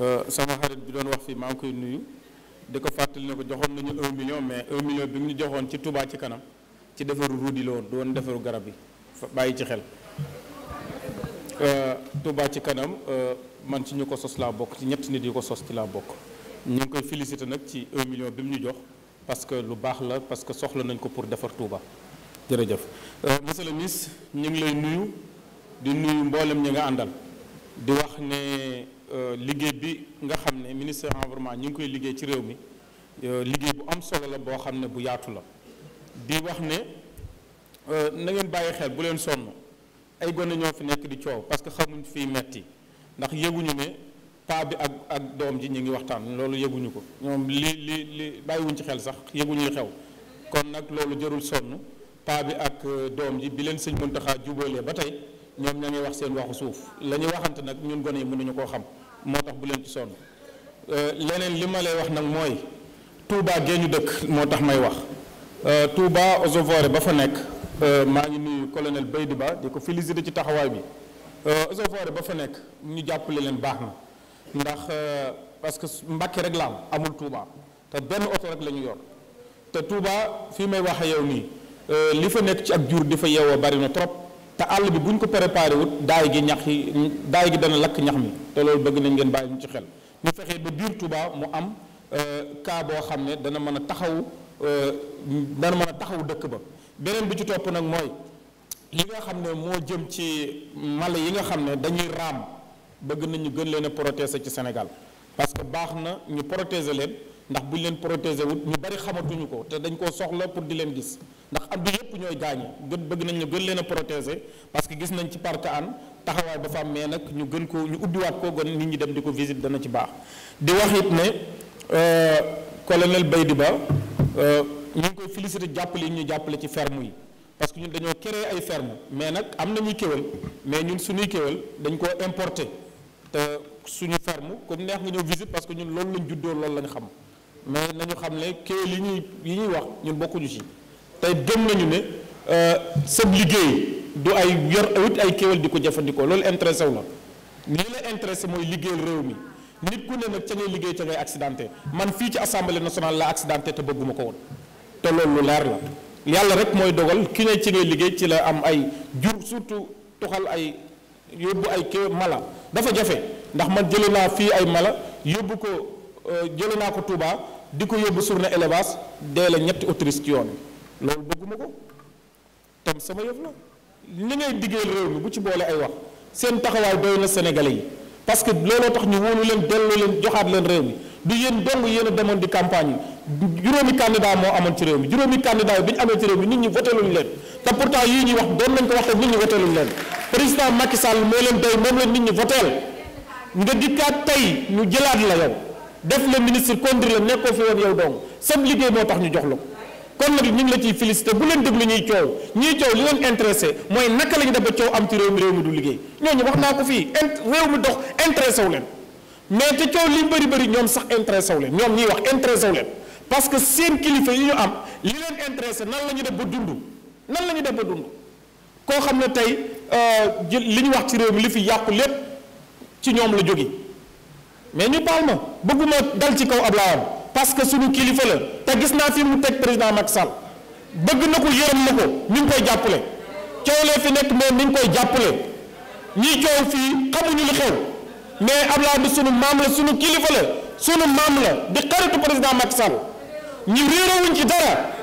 Euh, sama xarit bi doon wax fii maa ngi koy nuyu di ko fàttali na ko joxoon nañu un million mais un million bi ñu joxoon ci Touba ci kanam ci defaru ruudi la woon doon defaru garab yi bàyyi ci xel euh, Touba ci kanam euh, man ci ñu ko sos laa bokk ci ñetti nit yu ko sos ci laa bokk ñu ngi koy félicité nag ci un million bi mu ñu jox parce que lu baax la parce que soxla nañ ko pour defar Touba jërëjëf monsieur le ministre ñu ngi lay nuyu di nuyu mboolem ñi nga àndal di wax ne Euh, liggéey bi nga xam ne ministère environnement ñu ngi koy liggéey ci réew mi euh, liggéey bu am solo la boo xam ne bu yaatu la di wax ne euh, na ngeen bàyyi xel bu leen sonn ay gone ñoo fi nekk di coow parce que xamuñ fii metti ndax yëguñu ne paa bi ak ak doom ji ñu ngi waxtaan loolu yëguñu ko ñoom li li li bàyyiwuñ ci xel sax yëguñuy xew kon nag loolu jërul sonn paa bi ak doom ji bi leen sëñ Muntaxa jubóolee ba tey ñoom ña ngi wax seen waxu suuf la ñuy waxante nag ñun gone yi mënuñu koo xam moo tax bu leen ci sonn euh, leneen li ma lay wax nag mooy Touba gee ñu dëkk moo tax may wax euh, Touba eaux et forêts ba fa nekk euh, maa ngi nuyu colonel Baydi Ba di ko félicité ci taxawaay bi eaux et ba fa nekk ñu jàppale leen baax na ndax parce que Mbàkke rek la am amul Touba te benn oto rek la ñu yor te Touba fii may wax yow nii li fa nekk ci ak jur di fa yeewoo bari na trop. te àll bi buñ ko préparé wut daay gi ñax yi daay gi dana lakk ñax mi te loolu bëgg nañ ngeen bàyyi ñu ci xel ñu fexee ba biir Touba mu am euh, cas boo xam ne dana mën a taxaw euh, dana mën a taxaw dëkk ba beneen bi ci topp nag mooy li nga xam ne moo jëm ci mala yi nga xam ne dañuy raam bëgg nañu gën leen a protéger ci Sénégal parce que baax na ñu protéger leen ndax buñ leen protéger wut ñu bari xamatuñu ko te dañ koo soxla pour di leen gis ndax am du yëpp ñooy gaañu gën bëgg nañ ñu gën leen a protéger parce que gis nañ ci parc an taxawaay ba fa am mais nag ñu gën ko ñu ubbiwaat ko gone nit ñi dem di ko visite dana ci baax di wax it ne euh, colonel Baydi Ba euh, ñu ngi koy féliciter jàppale yi ñu jàppale ci ferme yi parce que ñun dañoo créer ay ferm mais nag am nañuy kéwél mais ñun suñuy kéwél dañ koo importé te suñu ferme comme neex nga ñëw visite parce que ñun loolu lañ juddoo loolu lañ xam mais nañu xam ne kii li ñuy yi ñuy wax ñun bokkuñu ci tey gëm nañu ne euh, sab liggéey du ay yor awit ay kéwél di ko jëfandikoo loolu intéressé wu na li la intéressé mooy liggéeyal réew mi nit ku ne nag ca ngay liggéey ca ngay accidenté man fii ci assemblée nationale la accidenté te bëgguma ko woon te loolu lu leer la yàlla rek mooy dogal ki ne ci ngay liggéey ci la am ay jur surtout tuxal ay yóbbu ay kéwél mala dafa jafe ndax man jëlee naa fii ay mala yóbbu ko euh, jëlee naa ko Touba. di ko yóbbu journée élevage dee la ñetti autorise ci yoon loolu bëgguma ko tam sama yëf la li ngay diggéel réew mi bu ci boolee ay wax seen taxawaay doy na sénégalais yi parce que looloo tax ñu wóolu leen delloo leen joxaat leen réew mi du yéen dong yéen a demoon di campagne yi juróomi candidat moo amoon ci réew mi juróomi candidat yi bi ñu amee ci réew mi nit ñi voteluñ leen te pourtant yii ñuy wax doon nañ ko waxee nit ñi voteluñ leen président Macky Sall moo leen doy moom leen nit ñi voteel nga dikkaat tey ñu jëlaat la yow def la ministre contre la nekkoo fi woon yow dong sab liggéey moo tax ñu jox la ko kon nag ñu la ciy félicité bu leen déglu ñuy coow ñuy coow li leen intéressé mooy naka la ñu def ba coow am ci réew mi réew du liggéey ñooñu wax naa ko fii int réew mi dox intéressé wu leen mais te coow li bëri bari ñoom sax intéressé wu leen ñoom ñuy wax intéressé wu leen parce que seen kilifa yi ñu am li leen intéressé nan la ñu def ba dund nan la ñu def ba dund koo xam ne tey euh, li ñu wax ci réew mi li fi yàqu lépp ci ñoom la jóge mais ñu baal ma bëgguma dal ci kaw Ablaye parce que suñu kilifa la te gis naa fi mu teg président Macky Sall bëgg na ko yërëm na ko ñu ngi koy jàppale coow lee fi nekk moom mi koy jàppale ñii coow fii xamuñu li xew mais Ablaye bi suñu maam la suñu kilifa la suñu maam la di xaritu président Macky Sall ñu réerewuñ ci dara.